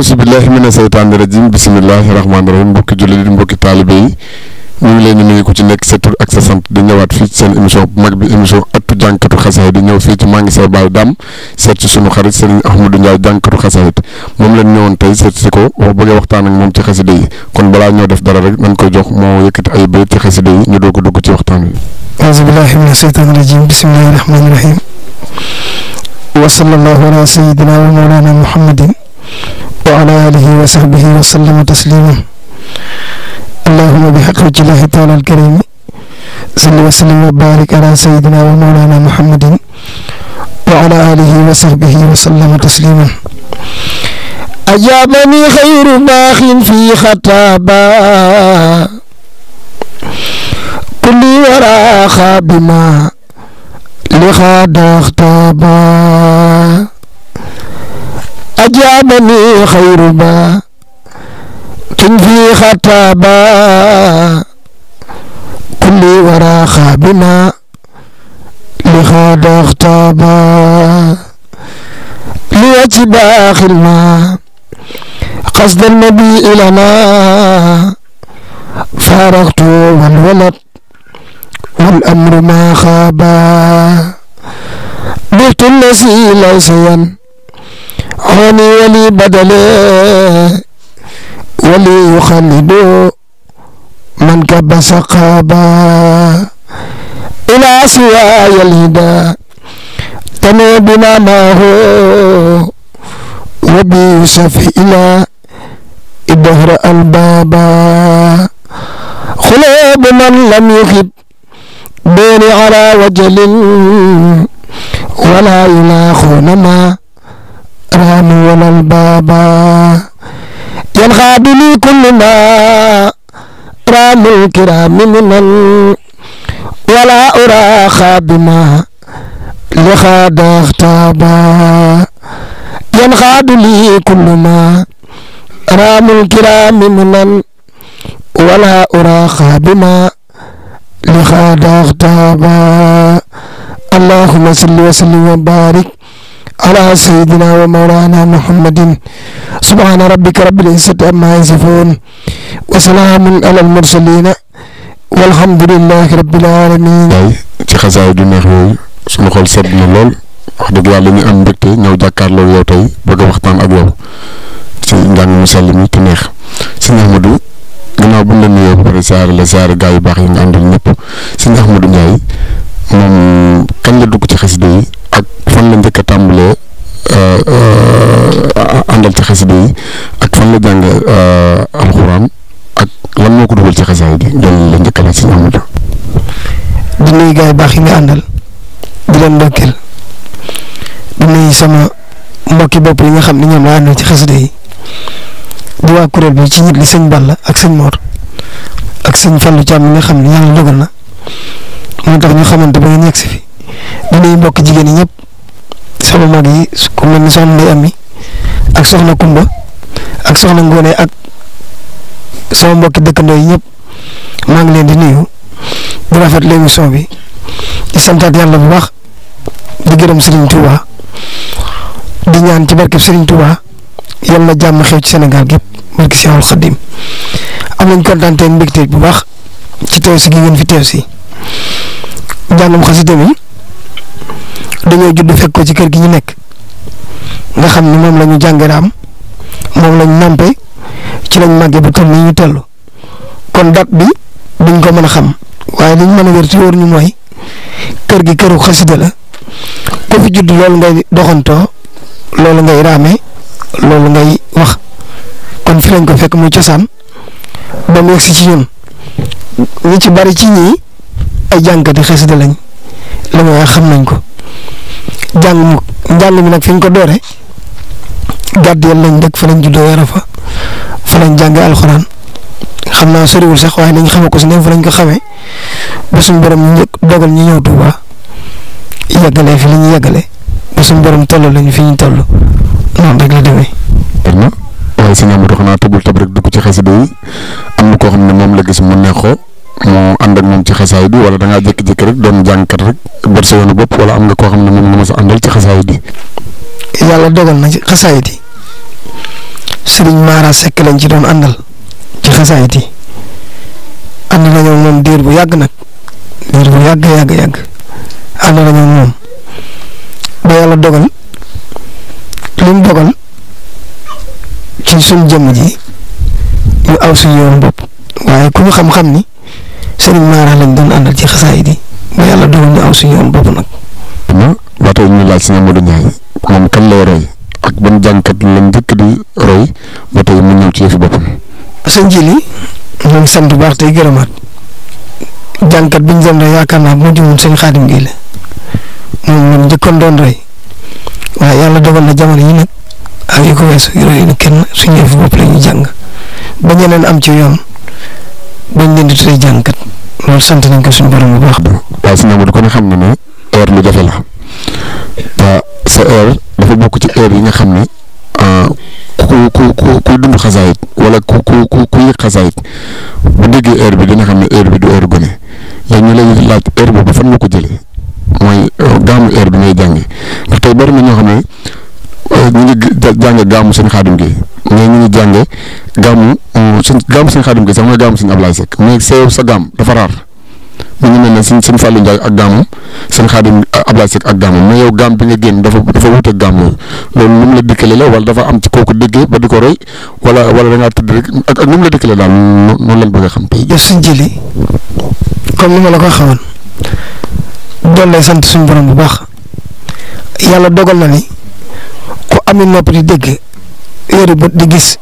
aousubillahi mina seytaani rajim bisimilahi rahmaani rahim mbokki jullit yi mbokki taalibe yi ñu ngi leen di nuyu ku ci nekk sa tur ak sa sant di ñëwaat fii ci seen émission bu mag bi émission attu jànkatu xasaayid di ñëw fii maa ngi say baay daam seet si sunu xarit Serigne Ahmadou Ndiaye jànkatu xasaayid moom leen ñëwoon tey seet si ko bëggee waxtaan ak moom ci xasida yi kon balaa ñoo def dara rek nañ koy jox moo yëkkati ay bayit ci xasida yi ñu doog a dugg ci wa وعلى آله وصحبه وسلم تسليما اللهم بحق الله تعالى الكريم صل وسلم وبارك على سيدنا ومولانا محمد وعلى آله وصحبه وسلم تسليما أجابني خير باخ في خطابا كل وراء خابما لخاد اختابا أجابني خير ما تنفي خطابا كل ورا خابنا لخاد اختابا ليجب آخر ما قصد النبي إلنا فارغت والولد والأمر ما خابا بيت النسي ليس ين عوني ولي بدلي ولي يخلد من كبس قابا إلى سواي الهدى تمي بما ما هو وبي يسف إلى الدهر البابا خلاب من لم يخب بين على وجل ولا يلاخ نما الأكرام ولا البابا ينغاد لي كل ما رام الكرام منن ولا أرى خابما لخاد اختابا ينغاد لي كل ما رام الكرام منن ولا أرى خابما لخاد اختابا اللهم صل وسلم وبارك على سيدنا ومولانا محمد سبحان ربك la العزة عما يصفون وسلام على المرسلين والحمد لله رب العالمين. waaw ci xasaay du neex yooyu sunu xool sedd na lool wax dëgg yàlla ñu am mbégte ñëw jàkkaarloo yow tey bëgg a waxtaan ak yow ci njàng mu sell mi te neex sëñ Ahmadou gannaaw bu ñu la nuyoo ba pare saare la saare gaa baax yi nga àndal ñëpp sëñ Ahmadou Ndiaye moom kañ la dugg ci xasida yi. ak fan la njëkk a tàmbalee euh, euh, àndal ci xasida yi ak fan la jàng euh, alxuraan ak lan moo ko dugal ci xasaay bi la njëkk si ñoom itam. di yi baax yi nga leen ndokkeel sama mbokki bopp yi nga xam ne ñoom laa ci xasida yi di waa bi ci nit li sëñ Balla ak sëñ Mor ak sëñ Fallou Thiam mi nga xam ne yàlla dogal na moo tax ñu xamante ba ngeen yegg si di bokk mbokk jigéen yi ñëpp sama mag yi ku mel ni soxna Ami ak soxna Kumba ak soxna Ngone ak sama mbokki dëkkandoo ndoy ñëpp maa ngi leen di nuyu di rafetlu émission bi di santaat yàlla bu baax di gërëm Serigne Touba di ñaan ci barkeb Serigne Touba yal na jàmm xew ci Sénégal gépp barki Seexul Xaddim am nañ kontaan mbégte bu baax ci teew si gi ngeen fi teew si njàngum xasi mi dañoo judd fekk ko ci kër gi ñu nekk nga xam ni moom lañu ñu jàngiraam moom la ñu nàmpe ci lañ màggee ba toll nii ñu toll kon dat bi duñ ko mën a xam waaye liñ mën a wér ci wóor ñu mooy kër gi këru xasida la ku fi judd loolu ngay doxantoo loolu ngay raame loolu ngay wax kon fi lañ ko fekk mu cosaan ba mu yegsi ci ñun ñi ci bari ci ñii ay jànkati xasida lañ la mooy xam nañ ko. jàng njàng mi nag fi ñu ko doore gardien lañ dëkk fa lañ juddoo yara fa fa lañ jàngee alxuraan xam naa soriwul sax waaye nañ xamee ko si ne fa lañ ko xamee ba suñu borom ñu dogal ñu ñëw Tuuba yàggalee fi li ñu yàggalee ba fi ñu toll noonu rek la si ñoom xanaa tëbul tëb am na koo xam ne moom la gis mu neexoo. mu ànd moom ci xasaay bi wala da ngaa jékki-jékki rek doon jàngkat rek bët sa bopp wala am nga koo xam ne moom nga mos àndal ci xasaay bi. yàlla dogal na ci xasaay bi Serigne Mara lañ ci doon àndal ci xasaay bi ànd nañoo moom bu yàgg nag diir bu yàgg yàgg yàgg ànd nañoo moom ba yàlla dogal li dogal ci suñ jëmm ji ñu aw suñu yoon bopp waaye ku ñu xam-xam ni. sëriñ Mara lañ doon àndal ci xasaay di ba yàlla dogal ñu aw suñu yoon bopp nag. na ba tey ñu laaj sëñ Modou kan lay roy ak ban jànkat la njëkk di roy ba tey mu ñëw ci yëfi ya, boppam. sëñ Jili ñu ngi sant baax tey gërëmaat jànkat bi ñu doon roy yaakaar naa moo jëmoon sëñ Xaadim gi la moom moom njëkkoon doon roy waaye yàlla ya dogal na jamono yi nag ak yu ya, ko weesu yu roy kenn suñu yëfi bopp la jàng ba ñeneen am ci yoon bañ leen di loolu sant nañ ko suñu borom bu baax. waaw xam na ne heure lu jafe la te sa heure dafa bokk ci heure yi nga xam ne ah, ku ku ku ku dund xasaayit wala ku ku ku ku yëg xasaayit bu déggee heure bi dina xam ne heure bi du heure gone léegi ñu lay laaj heure boobu fan nga ko jëlee mooy euh, gaamu heure bi ngay jàngee ndax tey bari ñoo xam ne euh, ñu ngi jànge gaamu seen xaadum gi mais ñu ngi jànge gaamu. gàmmu suñ gàmmu suñ xaadim gi sax mooy gàmmu suñ Ablaye Seck mais seew sa gàmm dafa raar mu ngi mel ne suñ suñ Fallou Ndiaye ak gàmmam suñ xaadim Ablaye Seck ak gàmmam mais yow gàmm bi nga génn dafa dafa wuute gàmm yooyu loolu nu mu la dikkalee la wala dafa am ci kooku déggee da ngaa tëdd rek ak ak nu mu la dikkalee daal noonu lañ bëgg a xam tey. jëf suñ jëli comme ni ma la ko xawoon doon lay sant suñu borom bu baax yàlla dogal na ni ku amee nopp di dégg di gis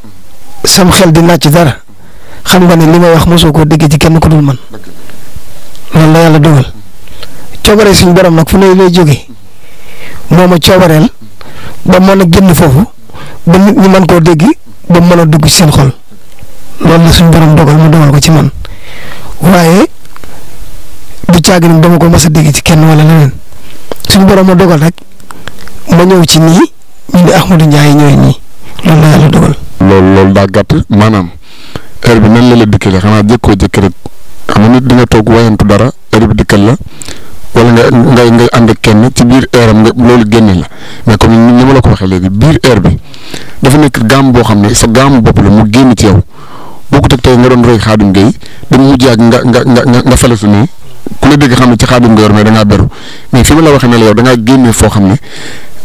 sam xel di nàcc dara xam nga ne li ma wax mosoo koo déggee ci kenn ko dul man loolu la yàlla dogal coobare suñu borom nag fu ne lay jógee moo ma coobareel ba mën a génn foofu ba mën koo dégg ba mën a dugg ci xol loolu la suñu borom dogal mu dogal ko ci man waaye du caagin ni dama ko mas dégg ci kenn wala leneen suñu borom ma dogal rek ma ñëw ci nii ñu ne Ahmadou Ndiaye ñooy ñii loolu la yàlla dogal. loolu loolu daa gàtt maanaam heure bi nan la la dikkale xanaa jëkkoo jëkk rek xam nga nit di nga toog wayantu dara heure bi dikkal la wala nga nga nga ànd ak kenn ci biir heure am nga loolu génne la mais comme ma la ko waxee léegi biir heure bi dafa nekk gaam boo xam ne sa gaamu bopp la mu génn ci yow bokkut ak tey nga doon roy Xaadim Gay dem mujj ak nga nga nga nga falesu ne ku la dégg xam ne ci Xaadim nga yor mais da ngaa beru mais fi ma la waxee ne la yow da ngaa génne foo xam ne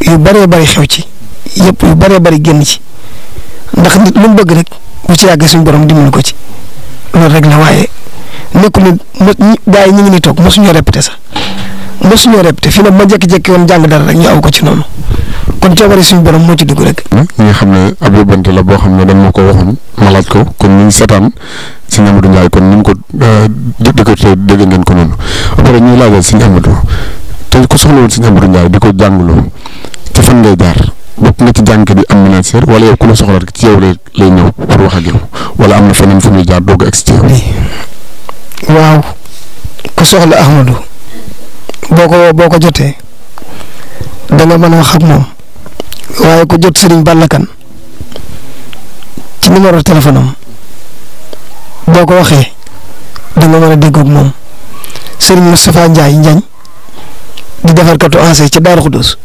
yu bëree bëri xew ci yëpp yu bëree bëri génn ci ndax nit lu mu bëgg rek bu ci yàgg suñu borom dimbali ko ci loolu rek la waaye nekkul ne mos gars yi ñu ngi ni toog mosuñoo répété sax mosuñoo répété fii nag ma jékki-jékki woon jàng dara rek ñu aw ko ci noonu kon coobare suñu borom moo ci dugg rek. Hmm, ñi xam ne ab yóbbante boo xam ne dañ ma ko waxoon ma ko kon ñu seetaan sëñ Amadou Ndiaye kon ni mu ko euh, dëkk te dégg ngeen ko noonu après ñu laajal sëñ Amadou. te ko soxla woon Serigne Abdou Ndiaye di ko jàngloo ci fan ngay jaar bokk nga ci jànk bi am menacer wala yow ku la soxla ci yow lay ñëw pour wax wala am na fu muy jaar doog a egg ci waaw ku soxla Ahmadou boo ko boo ko jotee da nga mën a wax moom waaye ku jot Serigne Balla Kane ci numéro téléphone boo ko waxee da nga mën a déggoog moom Serigne Moustapha Ndiaye Ndiagne. di defar katu anse ci Daaru Xudus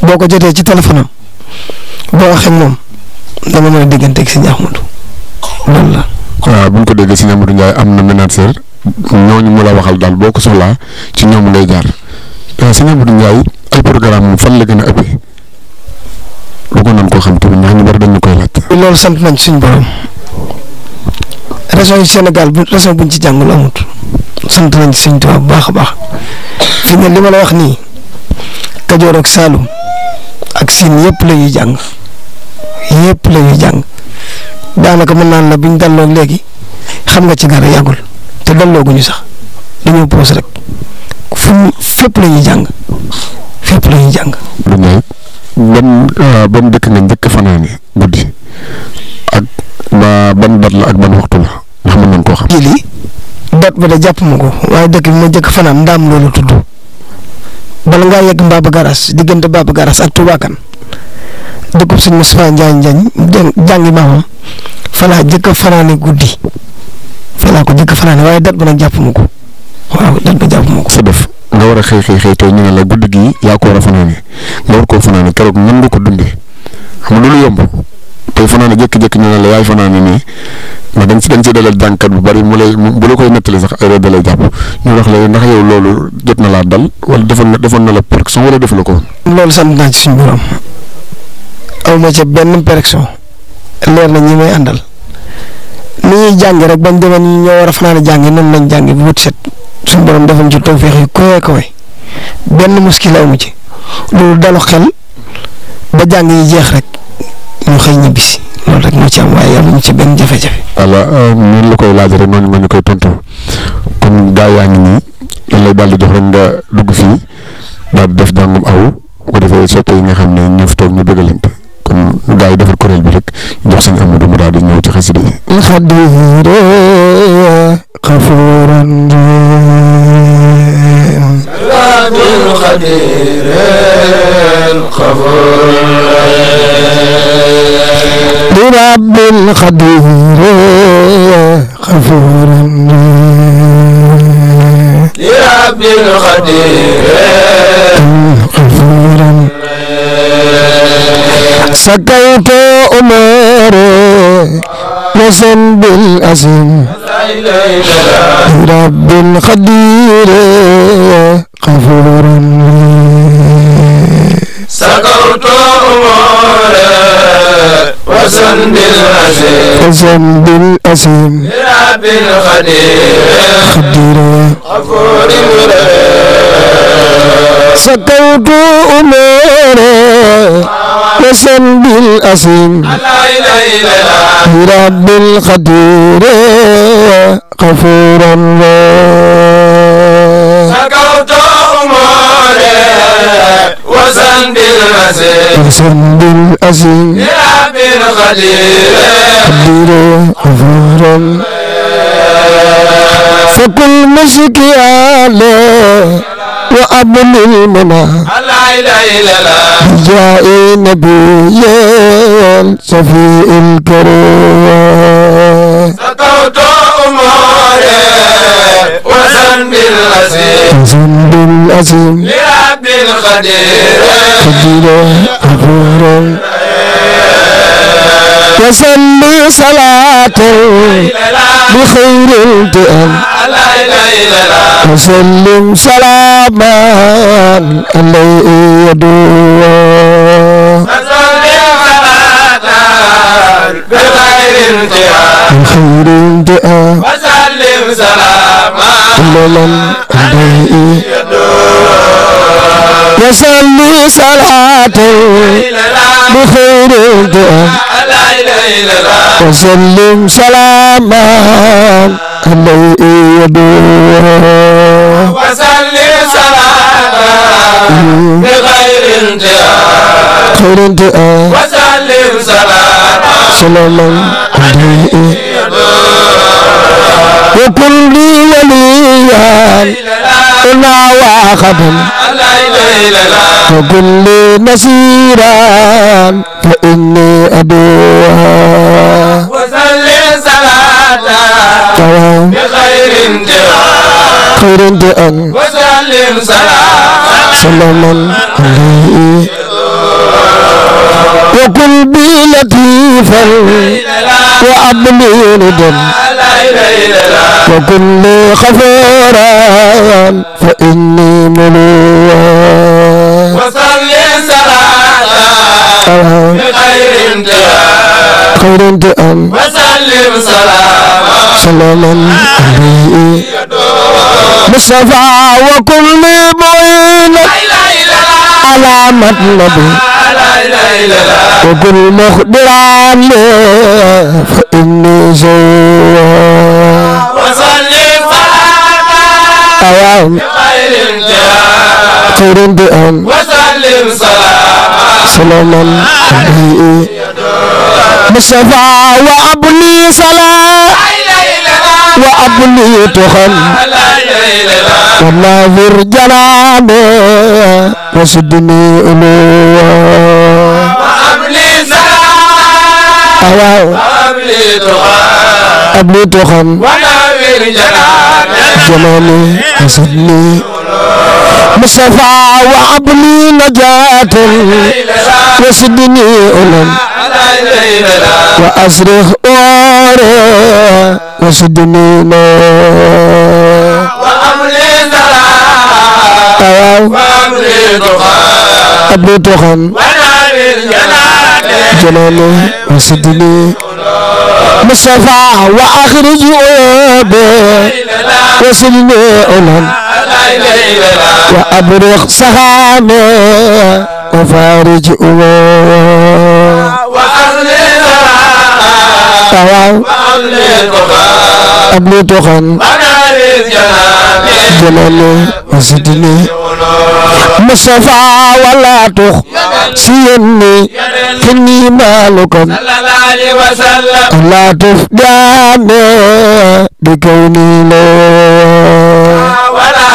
boo ko jotee ci téléphone am boo waxee moom dama mën a digganteeg sëñ Ahmadou loolu la. waaw bu ñu ko déggee sëñ Ahmadou Ndiaye am na ménager ñooñu mu la waxal daal boo ko soxlaa ci ñoom ngay jaar euh, sëñ Ahmadou Ndiaye ay programme fan la gën a nañ koo xam tamit ndax ñu bari loolu sant nañ suñu borom région yi Sénégal bu région buñ ci jàngul amut sant nañ suñu Tuubaa bu baax a baax. fi li ma la wax nii Kajoor ak Saalum ak Siin yëpp la jàng yëpp la ñuy jàng daanaka mën naan la biñ dalloo léegi xam nga ci dara yàggul te dalloo guñu sax dañoo pose rek fu fépp la jàng fépp la ñuy jàng. ban euh, ban dëkk nga njëkk fanaane guddi ak ba ban dat la ak ban waxtu la ndax mën nañ koo xam. lii dat ba da jàpp ma ko waaye dëkk ma jëkk fanaan ndaam loolu tudd. bala ngaa yegg Mbaba Garaas diggante Mbaba Garaas ak Touba Kane dëkkub sëñ Moustapha Ndiagne Ndiagne jàngi maamam fa laa jëkk a fanaane guddi fa ko jëkk a waaye dat ba nag jàpp ma ko waaw dat ba jàpp ma sa def nga war a xëy xëy xëy tey ñu ne la guddi gi yaa ko war a fanaane nga war koo fanaane keroog nan nga ko dundee xam nga loolu yomb. koy fanaane jékki-jékki ñu ne la yaay fanaane nii ndax dañ si dañ si dalal jànkat bu bari mu lay bu la koy nettali sax ay dalay jàpp ñu wax la loolu jot na laa dal wala defoon na defoon na la protection wala def la ko woon. loolu sant naa ci suñu borom aw ma ca benn protection leer na ñi may àndal ni ñuy jàng rek bañ demee ni ñoo war a fanaane jàngi noonu lañ jàngi bu wut set suñu borom defoon ci tawfeex yu koy koy benn muskil aw ma ci loolu dalu xel ba jàng yi jeex rek. ñu xëy ñibbisi loolu rek moo ci am waaye amuñu ci benn jafe-jafe. voilà euh, noonu la koy laaj rek noonu ma ñu koy tontu kon gaa yaa ngi nii dañ lay daal di rek nga dugg fii daal def jàngum aw bu ko defee soppe yi nga xam ne ñoo fi toog ñu bëggalante kon gaa yi defar kuréel bi rek jox suñu Amadou mu daal di ñëw ci xasida yi. القدير القبول رب القدير غفور لرب القدير غفور سكيت أمري وزن بالأزم رب القدير غفور العزيم الذنب الأزيم رب الخدير خدير غفور سكوت أموري وذنب الأزيم لا إله إلا رب الخدير غفور سكوت أموري وسند المسيح وسند الأزيم يا عبد الخليل قدير أظهر فكل مشكي عليه وأبن المنى لا إله إلا الله جاء نبي شفيع الكريم ستوت أموري وزن العظيم وزن العظيم لرب القدير قدير غفور وصلي صلاة بخير الدئام وسلم سلاما عليه يدوم بخير الدئام وسلم سلاما لمن عليه يصلي صلاة بخير الدعاء وسلم سلاما عليه يدور وسلم سلاما بغير انتهاء خير انتهاء وسلم سلاما سلاما عليه وكن لي وليا لا واخذهم فقل لي نسيرا فإني أدوها وسلم صلاة بخير دعاء خير دعاء وسلم صلاة سلام عليه وكن بي لطيفا وأبني ندم وكن لي غفورا فإني ملوى وصلي صلاة بخير انتهاء خير وسلم سلاما سلاما عليه مصطفى وكن لي على مطلبه وكل مخبر عنه فإني زوار وصلي فاتح بخير الجاه خير بأم وسلم صلاة سلاما عليه مصطفى وأبني صلاة وأبنيت خل والله ذر جلالي وسدني ألوى وأبني سلام أبنيت خل ونوير جلالي جمالي وسدني مصطفى وعبني نجاة وسدني ألم وأصرخ نارا وسدني نارا وأملي نارا وأملي دخان أبلي دخان جلالي وسدني مصطفى وأخرج أبي وسدني أولان وأبرق سهامي وفارج أولان وأغلي أبلي تخن جلال وزدني مصطفى ولا تخزيني كني مالكم لا تفدعني بكوني لا ولا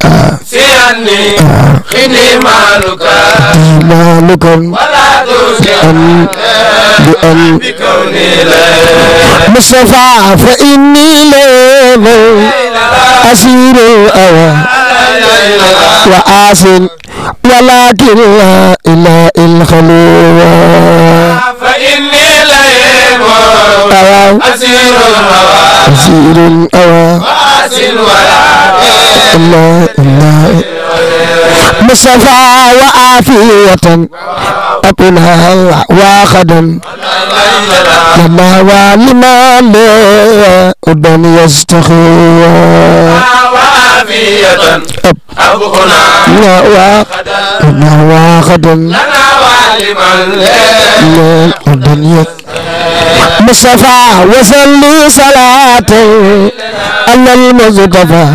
تخزيني كني مالكم مالكم ولا تخزيني بكوني لا مصطفى فإني لا أسير الأوى وآسن ولكن لا إله إلا الخلوة فإني لئيم أسير الهوى أسير الهوى وآسن ولكن لا إله مصطفى وآفية أبنها وخدم كما وعلما لا أدن يستخوى وافية أبقنا لا واخدا لنا وعلما لا أدن يستخوى المصطفى وصلي صلاة على المصطفى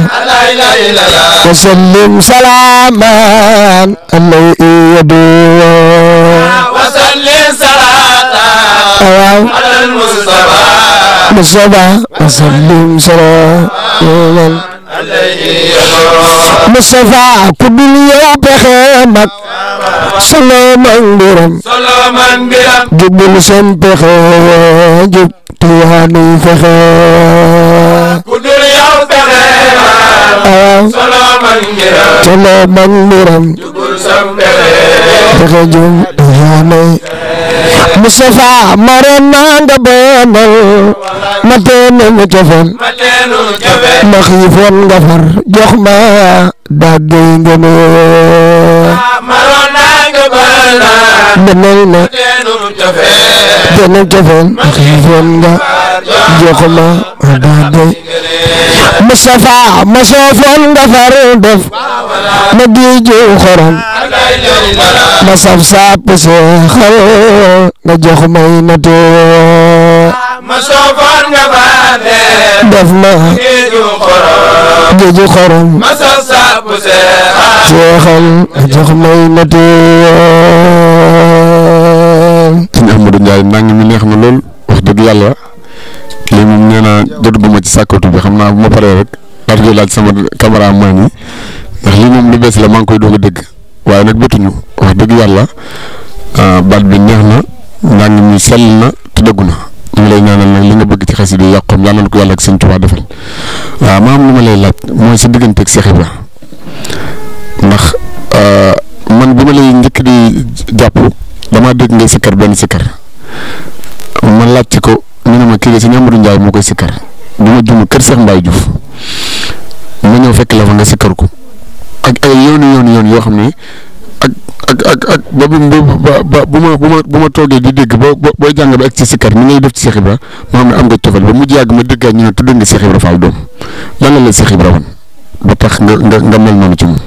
وسلم سلاما عليه يدوم وسلم صلاة على المصطفى مصطفى وسلم سلاما Mustafa ku dul yow pexe mag solo man mbiram jubul seen pexe jub tuwaanu fexe ku dul yow pexe mag salaaman mbiram salaaman mbiram jum Mustafa maroon naa nga ma teenu ñu cofoon ma xiifoon nga far jox ma dàggay ngënoo danay na danay jafeen xiifoon nga joxuma daade Mustafa ma soofoon nga far def ma giiju xorom ma saf ma soofoon nga far def jeexal jox may mati sëñ Ahmadou Ndiaye nang mi neex na lool wax dëgg yàlla lii moom nee naa jotuguma ci sàkkatu bi xam naa bu rek daal di laaj sama cameraman yi ndax lii moom lu bees la maa ngi koy doog a dégg waaye nag bëtuñu wax dëgg yàlla ah, baat bi neex na nang mi sell na te dëggu na ñu ngi lay ñaanal nag li nga bëgg ci xasida yàqoom yàlla na ko yàlla ak sëñ Tuubaa defal waaw ma am lay laaj mooy sa digganteeg Cheikh Ibra ndax euh, man bi ma lay njëkk di jàpp damaa dégg ngay sikkar benn sikkar ma laajte ko ñu ne ma kii de sëñ Amadou Ndiaye moo koy sikkar bi ma jumu kër Cheikh Mbaye Diouf ma ñëw fekk la fa nga sikkar ko ak ay yoonu yoonu yoo xam ne ak ak ak ak ba ba bu ma bu bu ma toogee di dégg ba booy jàng ba ci sikkar ni ngay def ci Cheikh Ibra ma xam ne am nga cofeel mujj yàgg ma déggaat ñu ne tudd nga Cheikh Ibra Fall doom lan la la Cheikh Ibra ba tax nga nga nga mel noonu ci moom.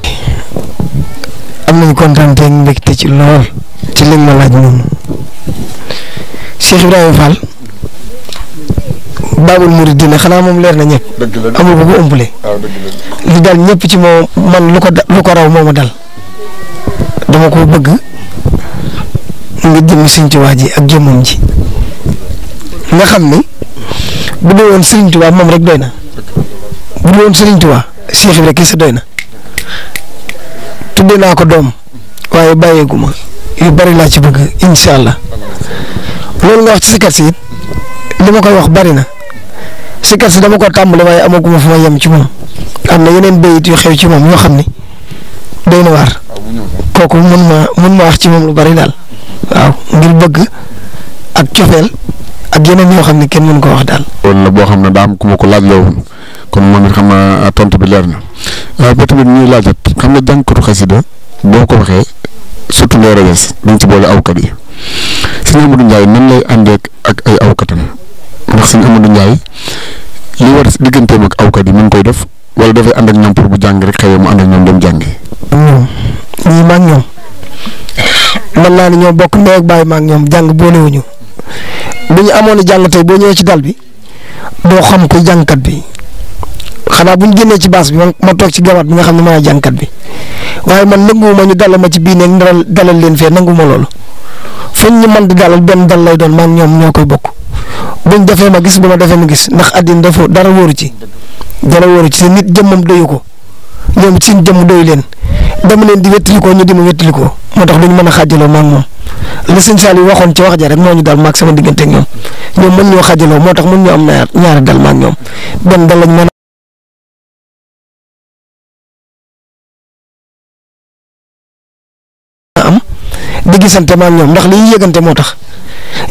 am nañu kontaan te ci lool ci li ma laaj moom Cheikh Ibrahima Fall Baabul Muridina xanaa moom leer na ñëpp. dëgg amul bu ko ëmbalee. li daal ñëpp ci moom man lu ko lu ko raw moo dal dama ko bëgg nga jëm Sëriñ Tuubaa ji ak jëmmam ji nga xam ni bu dee woon Sëriñ Tuubaa moom rek doy na bu Cheikh Ibra kese doy na tudde naa ko doom waaye bàyyeeku ma yu bari laa ci bëgg incha allah loolu nga wax ci sikar si it li ma koy wax bari na sikar si dama ko tàmbale waaye amaguma fu ma yem ci moom am na yeneen béyit yu xew ci moom yoo xam ni doy na waar kooku mun ma mun ma wax ci moom lu bari daal waaw ngir bëgg ak cofeel ak yeneen yoo xam ni kenn mun ko wax daal. loolu la boo xam ne daa am ku ko laaj la woon kon moom it xam naa ah, tontu bi leer na ah, ba tamit ñuy laajat xam nga jànkatu xasida boo ko waxee surtout les rejes dañ ci boole awkat yi sëñ Amadou Ndiaye nan lay àndee ak ay awkatam ndax sëñ Amadou Ndiaye li war digganteem ak awkat yi mi ngi koy def wala dafay ànd ak ñoom pour bu jàng rek xëyee mu ànd ak ñoom dem jàngi. ñoom ñii maag ñoom mën naa ne ñoom bokk ndey ak bàyyi maag ñoom jàng boolewuñu bu ñu amoon jàng ci dal bi doo xam ko jàngkat bi xana buñu génnee ci bas bi ma tok ci gawaat bi nga xamni ne jankat bi waye man nanguwuma ñu dalal ma ci bi ne dalal dalal leen fee nanguwuma loolu fuñ ñu mën di dalal benn dal lay doon man ñom ñokoy ñoo bokk buñ defé ma gis buma defé ma gis ndax addin dafo dara wóoru ci dara wóoru ci nit jëmum doyu ko ñom ci jëm doy leen dama leen di wétli ko ñu di ma wétli ko moo tax duñ mëna a xaajaloo maa le seigne la waxon ci wax ja rek moñu dal maag sama diggante ñom ñoom ñoom ñoo tax ñoo am ñaar dal maag ñom ben dal lañ gisante ma ak ñoom ndax li ñu yëgante moo tax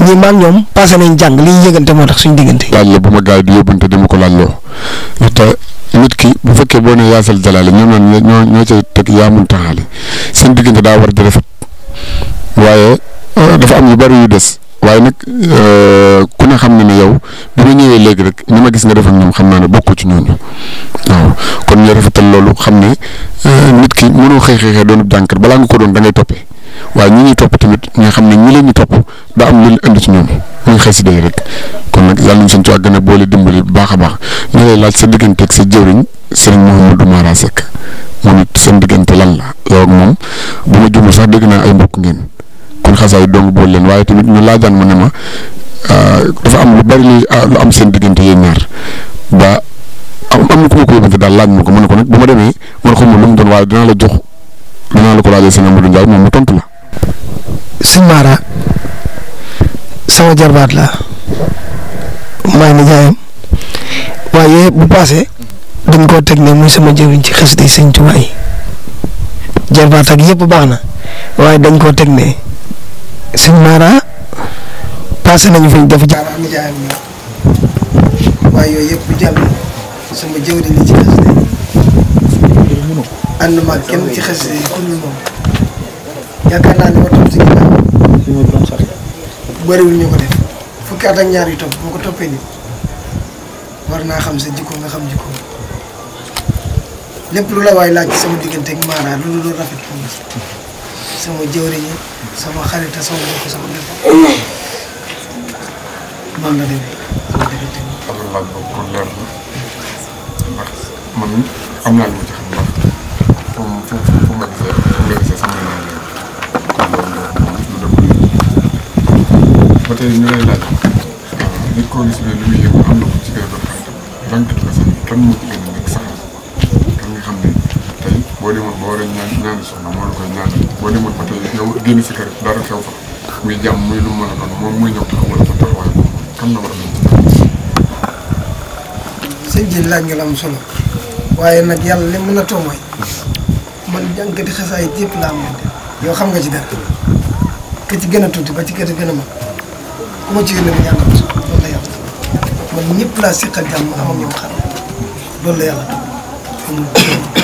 ñi ma ak ñoom passé nañ jàng li yëgante moo tax suñ diggante. laaj la bu ma gars yi di yóbbante dama ko laaj loo ndaxte nit ki bu fekkee boo nee yaasal jalaale ñoom ñoo ñoo ñoo cay teg yaa mun taxaale seen diggante daa war di waaye ah, dafa am yu bari yu des. waaye nag euh, ku ne xam na ne yow bi ma ñëwee léegi rek ni ma gis nga def ak ñoom xam naa ne bokku ci ñooñu waaw kon ñu rafetal loolu xam ne euh, nit ki mënoo xëy xëy xëy doon jànkat balaa nga ko doon da ngay toppee waaye ñi ñuy topp tamit ñi nga xam ne ñi leen ñu topp daa am lu indi ci ñoom muy si yi rek kon nag yàlla nañu seen ci gën a boole dimbali bu baax a baax ñu laaj sa digganteek si sa jëwriñ sëriñ Mouhamadou Mara Seck moom it seen diggante lan la yow ak sax dégg naa ay mbokk ngeen. kon xasaay dong bool leen waaye tamit ñu laajaan ma ne ma ah, dafa am lu bari ah, lu am seen diggante yéen ñaar ba am am na ku ma ko yóbbante daal laaj ma ko ma ne ko nag bu ma demee man xamul lu mu doon waaye dinaa la jox ko laajee sëñ Amadou Ndiaye moom mu tontu la. sëñ Mara sama jarbaat la maay na jaayam waaye bu paasee dañ koo teg ne muy sama jëriñ ci xasida yi sëñ Tuubaa yi jarbaat ak yëpp baax na waaye dañ koo teg ne. sëñ Mara passé nañu fi dafa jaar am jaay am waaye yooyu yëpp bu sama jëw di ci xas de ànd ma kenn ci xas de ku ñu moom yaakaar naa ne ma topp si ginnaaw bëriwul ñu ko def fukki at ak ñaar yu topp boo ko toppee nit war naa xam sa jikko nga xam jikko lépp lu la waay laaj sama lu rafet pour sama sama xarit sama mbokk sama lépp noonu la demee sama diggante bi. alhamdulilah kon leer na ndax am naa lu ma xam ndax fu mu fu mu fu ma gisee fu ma gisee sama naa leen kon loolu mu ci boo mo ba war a ñaan ñaani soxna moo la koy ñaanal boo demoon ba tey nga génn si kër dara xew fa muy jàmm muy lu mën a mo moom muy ñëw taxawal fa taxawaay boobu xam na war a sëñ ji laaj nga la am solo waaye nag yàlla li mën a too mooy man jànkati xasaay yëpp laa mo yow xam nga ci dara ka ci gën a ba ci gën a gën a ci gën a ñaanal loolu la yàlla man ñëpp laa seqal jàmm amam ñoom xam loolu la yàlla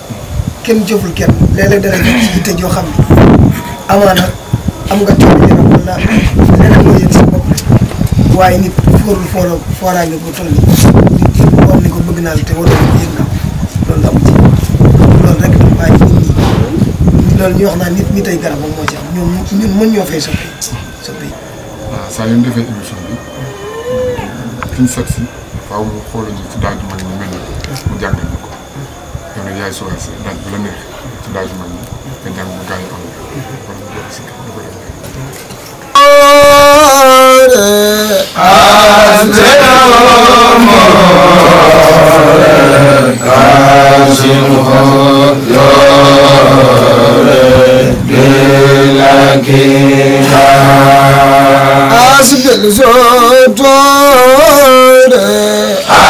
kenn jëful kenn léeg-léeg dana jël ci yitte joo xam ne amaana am nga coono yaram wala leneen loo yëg sa bopp waaye nit fóorul fóoram fooraange la te na loolu am ci loolu rek la waaye nit ñi loolu wax naan nit ñi garabam moo ci ñoom ñun ñoo fay soppi soppi. waaw saa yu defee émission ki ñu seet si faaw mu xoolal ñu ci daal di mel ni mu jàngal mais yaay Sow si laaj bu la neex ci laaj mag ñi nga jàng mu gaañ am kon mu doon si lu ko def. Azbel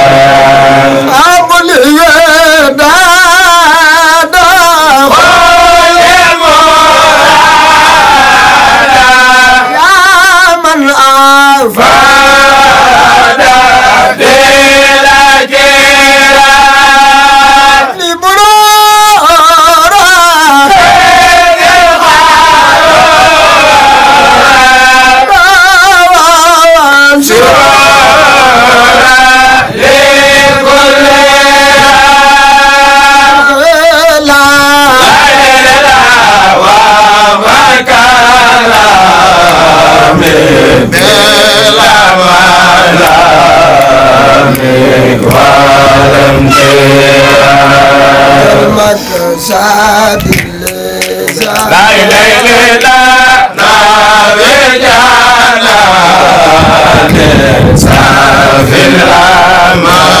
Amen. سلامك ولم تيامك سعد لا إله إلا نبي جلالك سافي الأمان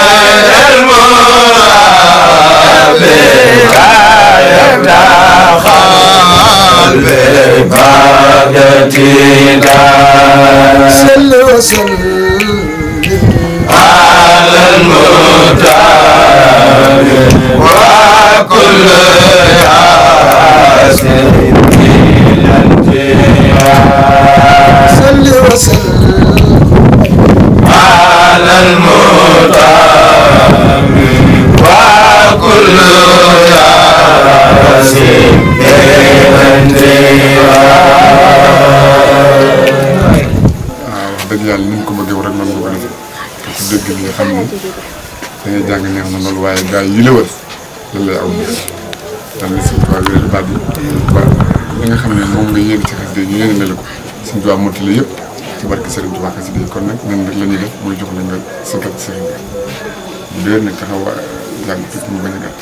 Sayyida Sallallahu sallam Alal Wa kul yasin Kilal Jaya Sallallahu sallam Wa kul yasin Kilal Thank you. ji daal ni ñu ko bëggee rek noonu nga ko defee te ku dégg lii xam ni da ngay jàng neex na loolu waaye gars yi la wër lan lay aw ñëw daal la Sëriñ Tuubaa wéeru baat yi waaw li nga xam ne moom nga yéen ci xasida ñu yéen a la ko Sëriñ Tuubaa mottali yëpp ci barke Sëriñ Tuubaa xasida yi kon nag ñun rek la ñuy def mooy jox la nga sëkkal Sëriñ bi bu dee nag taxaw jàng fekk mu bañ a gàtt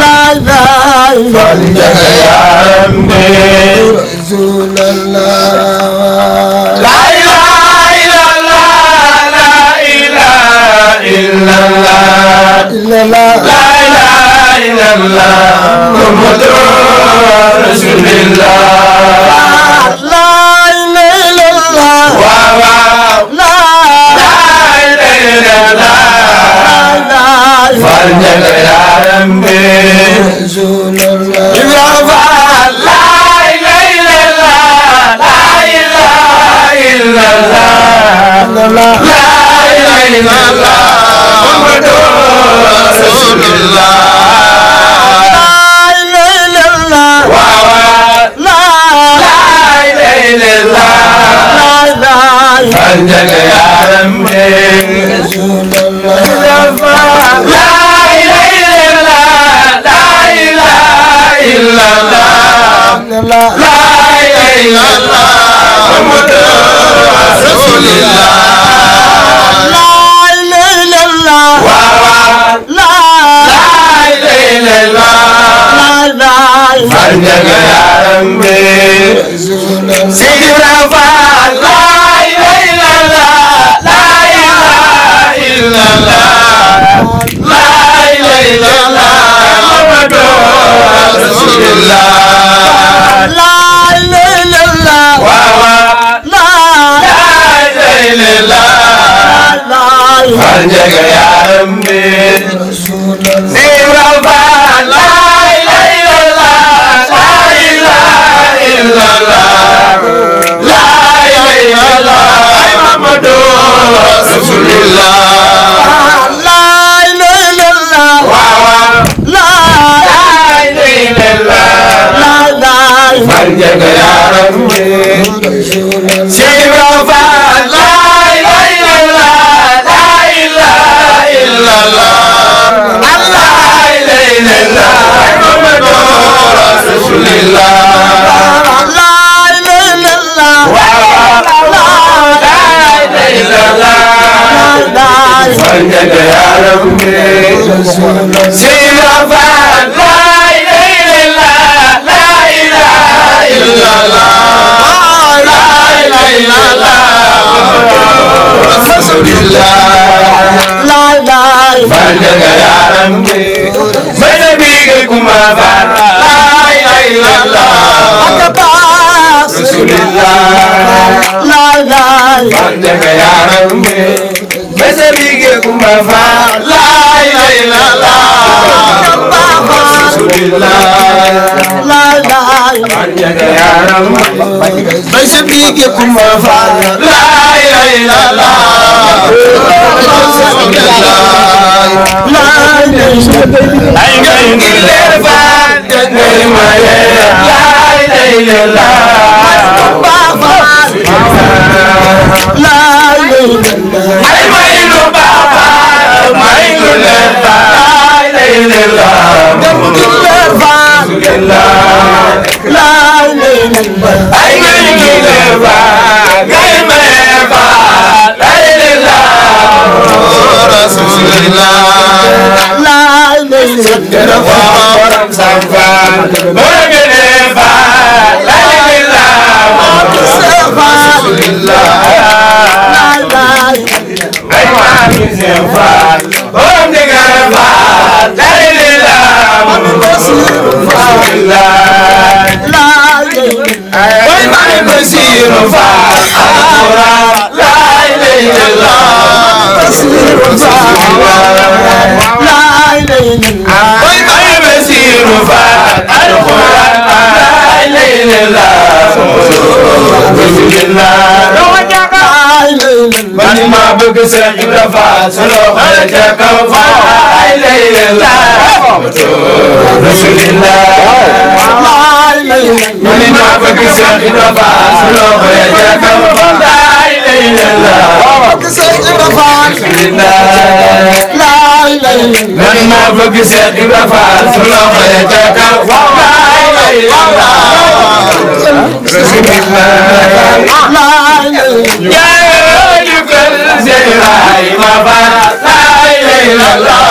لا لا لا رسول الله لا إله إلا الله لا إله إلا الله إلا الله لا إله إلا الله محمد رسول الله لا إله إلا الله لا إله إلا الله فرجك يا ربي رسول الله illallah la ilaha illallah muhammadur rasulullah la ilaha illallah wa la ilaha illallah la ilaha illallah ya rabbi la ilaha illallah la ilaha illallah la ilaha illallah muhammadur la man jaga yaram bi si rabaan la ilaha illallah la ilaha illallah la ilaha illallah Muhammadu rasulullah la ilaha illallah la ilaha illallah man jaga yaram bi si rabaan رسول الله لا اله الا الله لا اله الا الله سجد يا ربي سيدنا فهد لا اله الا الله لا اله الا الله لا اله الا الله رسول الله لا اله فهد يا ربي من نبيكم فهد إلا الله رسول الله لا لا وحدك يا ربي بس بيك ما فعل لا إله إلا الله رسول الله لا bay sa biig yëpp ma faal laa ilaaha illallaah ay ngay ngi leer faal ngay ma leer laa ilaaha illallaah ay may lu baax faal may lu leer faal Bye. Museum Fall borom ndigal Fall dari li la moom Basiru Fall la way maay Basiru Fall alquran la ilaha illa Basiru Fall la ilaha illa way maay Basiru Fall alquran bëgg Sëriñ Ibra Faal sa loxo ca kaw fa ay lay la rasulillah mu ni maa bëgg Sëriñ Ibra Faal sa loxo ca kaw fa ay lay la man maa bëgg Sëriñ Ibra Faal sa loxo ca kaw fa ay lay la rasulillah لا اله الا الله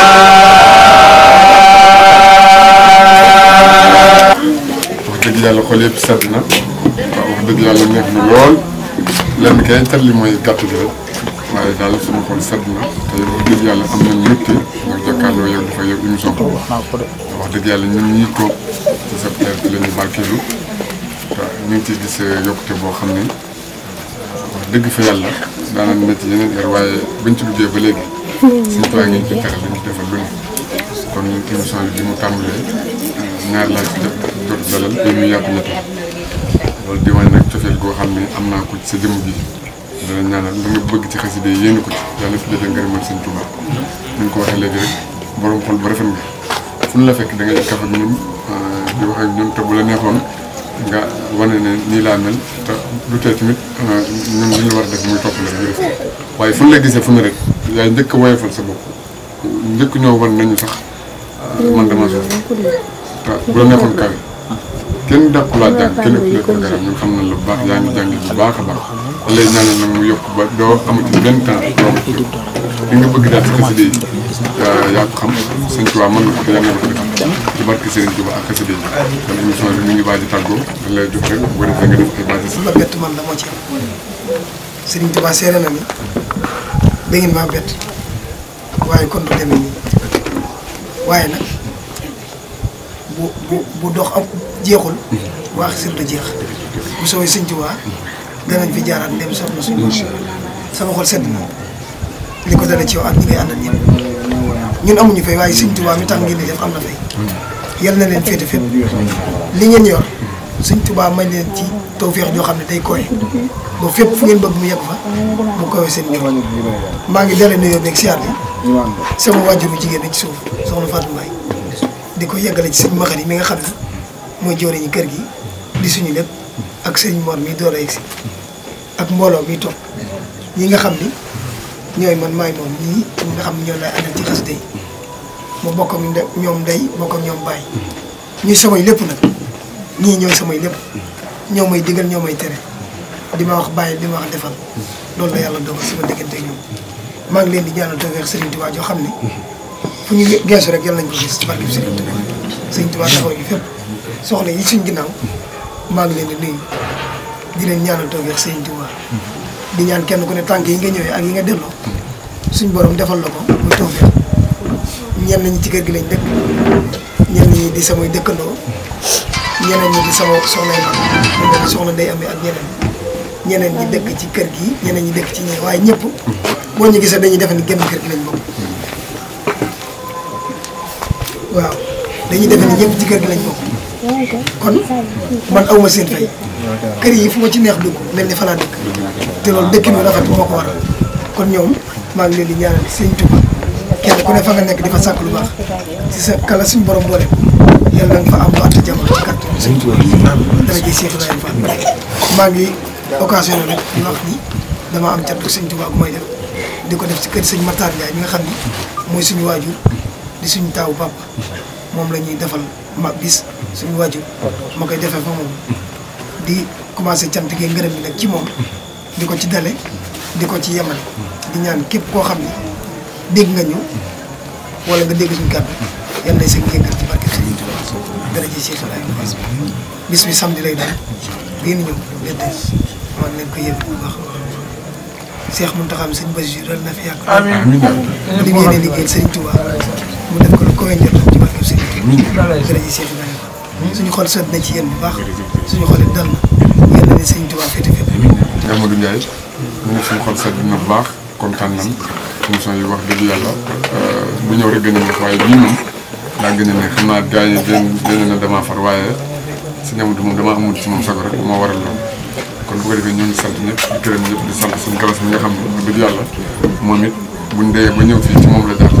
yàlla xol yëpp sedd na waaw wax dëgg yàlla neex na lool lenn kay tel li mooy gàtt bi rek waaye daal sama xol sedd na te wax dëgg yàlla am nañ mbégte ndax jàkkaarloo yow dafa yow émission wax dëgg yàlla ñun ñuy toog ci sa ngi ciy gis euh, yokkute boo xam ne wax dëgg fa yàlla daanaka métti yeneen heure waaye bañ ci duggee ba léegi suñu toog ngeen ci teral li ñu defal lu ne kon émission bi bi mu tàmbalee euh, ñaar laaj bi dalal fii muy yaatu ñetti loolu di wane nag cofeel goo xam ne am naa ko ci sa jëmm bi dana ñaanal lu nga bëgg ci xasida yi yéen ko ci yàlla fi jotee ko waxee léegi rek borom xol rafet nga fu ñu la fekk da ngay kaf ak ñun ah, di wax ak ñun te bu la neexoon nga wane ne nii laa mel te du tee tamit ah, ñun li ñu war a def muy topp la ñu def waaye fu ñu la gisee fu ne rek yaay njëkk a woyofal sa bopp njëkk ñoo war nañu sax ah, man dama suuf te bu la neexoon kawe kenn dàqulaat jàng kenn ëpp la programme ñun xam baax yaa ngi jàngi bu a baax te lay ñaanal nag mu yokk ba doo amati benn temps li nga bëgg daal ci xasida yi yaa ko xam sëñ Tuubaa mën na ko te yaa ngi ko defal ci barke Serigne Touba ak xasida yi kon émission bi mi ngi a tàggoo dañ la moo ci am Serigne Touba seere na maa bett waaye kon du nii waaye nag. bu bu bu dox am jeexul. Mhm. waax sir la jeex. bu soobee sëñ Tuubaa mhm. danañ fi jaaraat ndem soxna na suñu sama xol sedd na li ko dale ci yow ak ñi ngay àndal ñëpp ñun amuñu fay waaye sëñ Tuubaa mi tax ngeen di def am na fay. Mhm. yal na leen féete fépp li ngeen yor sëñ Tuubaa may leen ci tawféex joo xam ne day koy boo fépp fu ngeen bëgg mu yegg fa mu koy seen njort maa ngi dale nuyoo nekk siyaar bi sama wàjjuru jigéen ci suuf soxna Fatou Mbaye diko ko ci sëñ Maxar mi nga xam ne jori jëwriñu kër gi di suñu lepp ak sëñ Mor mi door a yegsi ak mbolo mi toog ñi nga xamni ñoy man may mom ñii nga xam ñoy lay andal ci xass de mo bokk ak ñoom ndey bokk ak ñoom bàyyi ñuy samay lépp nag ñii ñooy samay lépp ñoo may digal ñoo may tere di ma wax bay di ma wax defal loolu la yàlla dogal sama digënté ñom ma ngi leen di ñaanal tawfeex Sëriñ Tuubaa joo xam ne fu ñu rek yàlla nañ ko gis ci barke Sëriñ Tuubaa Sëriñ Tuubaa taxaw ñu yi suñ ginnaaw maa ngi leen di nuyu di leen ñaanal toog ak Sëriñ Tuubaa di ñaan kenn ku ne tànk yi nga ñëwee ak yi nga delloo suñ borom defal la ko muy toog ñenn ñi ci kër gi lañ dëkk ñenn ñi di samay dëkkandoo ñeneen ñi di sama soxna yi ma ñeneen soxna day amee ak ñeneen ñeneen ñi dëkk ci kër gi ñeneen ñi dëkk ci ñee waaye ñëpp boo ñu gisee dañuy defe ni genn kër gi lañ bokk waaw dañuy defe ne ñëpp ci kër gi lañ bokk kon man awma seen fay kër yi fu ma ci neex dugg mel ni falaa dëkk te loolu dëkkin wu rafet moo ko waral kon ñoom maa ngi leen di ñaanal seen Tuuba ku ne fa nekk di fa sàkk lu baax si sa kala suñu borom boole yàlla nga fa am lu at a jamono ci kàttan sëñ Tuuba dara ji Cheikh maa ngi occasion nag ñu wax ni dama am cat sëñ Tuuba mooy may def di ko def si kër sëñ Matar Ndiaye mi nga xam ni mooy suñu waajur di suñu taw bab mom lañuy defal ma bis suñu waju ma koy defee fa mom di commencé tiant gi ngërëm bi nag ci mom diko ci dalé diko ci yamal di ñaan képp ko xamni ne dégg nga ñu wala nga dégg suñu kat yàlla lay seen jéggal ci barke suñu Tuubaa dara ci Cheikh Ibrahima bis bi samedi lay dal bii ñu le des man lañ ko yëf bu baax Cheikh Mountakha sëñ Basiru na fi yàgg amiin li ngeen liggéeyal sëriñ Tuubaa mu def ko ko njort ci suñu xol sedd na ci yéen bu baax. suñu xol it dal na. a ne sëriñ Tuubaa féete fépp. Amadou mu ne suñu xol sedd na bu baax kon tàngam émission yi wax dëgg yàlla euh, bu ñëw rek gën a neex waaye bii moom daa gën a neex xam naa gars yi dañ damaa far waaye sëñ Amadou moom damaa amul ci moom sago rek moo waral loolu kon bu ko defee ñu ngi sant ñëpp di gërëm ñëpp di sant suñu galas mi nga xam ne wax dëgg yàlla moom it buñ dee ba ñëw fii ci moom la jaar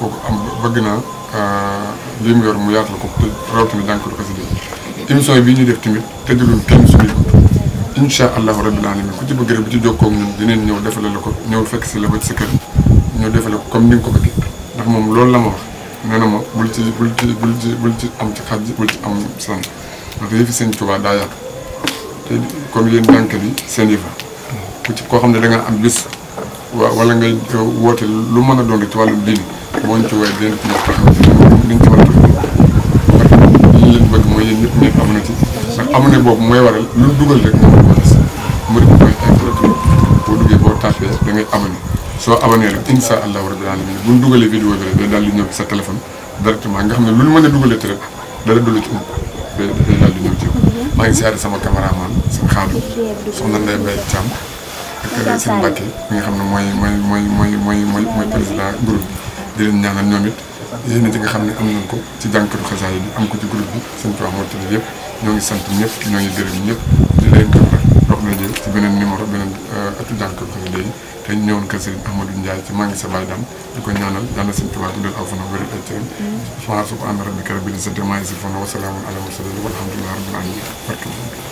kooku am bëgg na euh, li mu yor mu yaatal ko rawatina jànkatu xasida yi émission bii ñuy def tamit tëjaluñ kenn suñu ko incha allahu rabbil alamin ku ci bëgg rek bu ci jokkoo ak ñun dinañ ñëw defale la ko ñëw fekk si la ba ci sa ñëw defale ko comme ni nga ko bëggee ndax moom loolu la ma wax nee ma bul ci bul ci bul ci bul ci am ci xaj bul ci am sant ndax yëfi seen tubaab daa yaatu te comme yéen seen yëfa ku ci koo xam ne da nga am bis waaw wala ngay woote lu mën a doon ci wàllu diini booñ ci wooyee dinañ ko mën a taxaw li ñu bëgg mooy yéen ñëpp ngeen amoon ci ndax amoon na boobu mooy waral lu dugal rek moom ko gis mu def mooy ay produits boo duggee ngay abonné soo abonné rek insha allahu rabbil alamin bu ñu bi daal di ñëw ci sa xam ne lu ñu mën a dugalee rek dara du la ci ngi siyaare sama cameraman sama xaalis soxna Ndeye Mbaye Thiam ak seen Mbacke mi xam ne mooy mooy mooy mooy mooy mooy président groupe di leen ñaanal ñoom it yéen nga xam ne am nañ ko ci jànkatu xasaay yi am ko ci groupe bi sëñ Tuubaa mottali yëpp ñoo ngi sant ñëpp ñoo ngi gërëm ñëpp di leen gëm rek dox na jël ci beneen numéro beneen atu euh, jànkatu xasaay yi te ñëwoon ci maa ngi sa baay daan di ko ñaanal daana sëñ Tuubaa dundal aw fana wéral ay cëram mm-hmm. subhaana rabbika rabbil izzati ammaa yasifuun wa salaamun alal mursaliin walhamdulillahi rabbil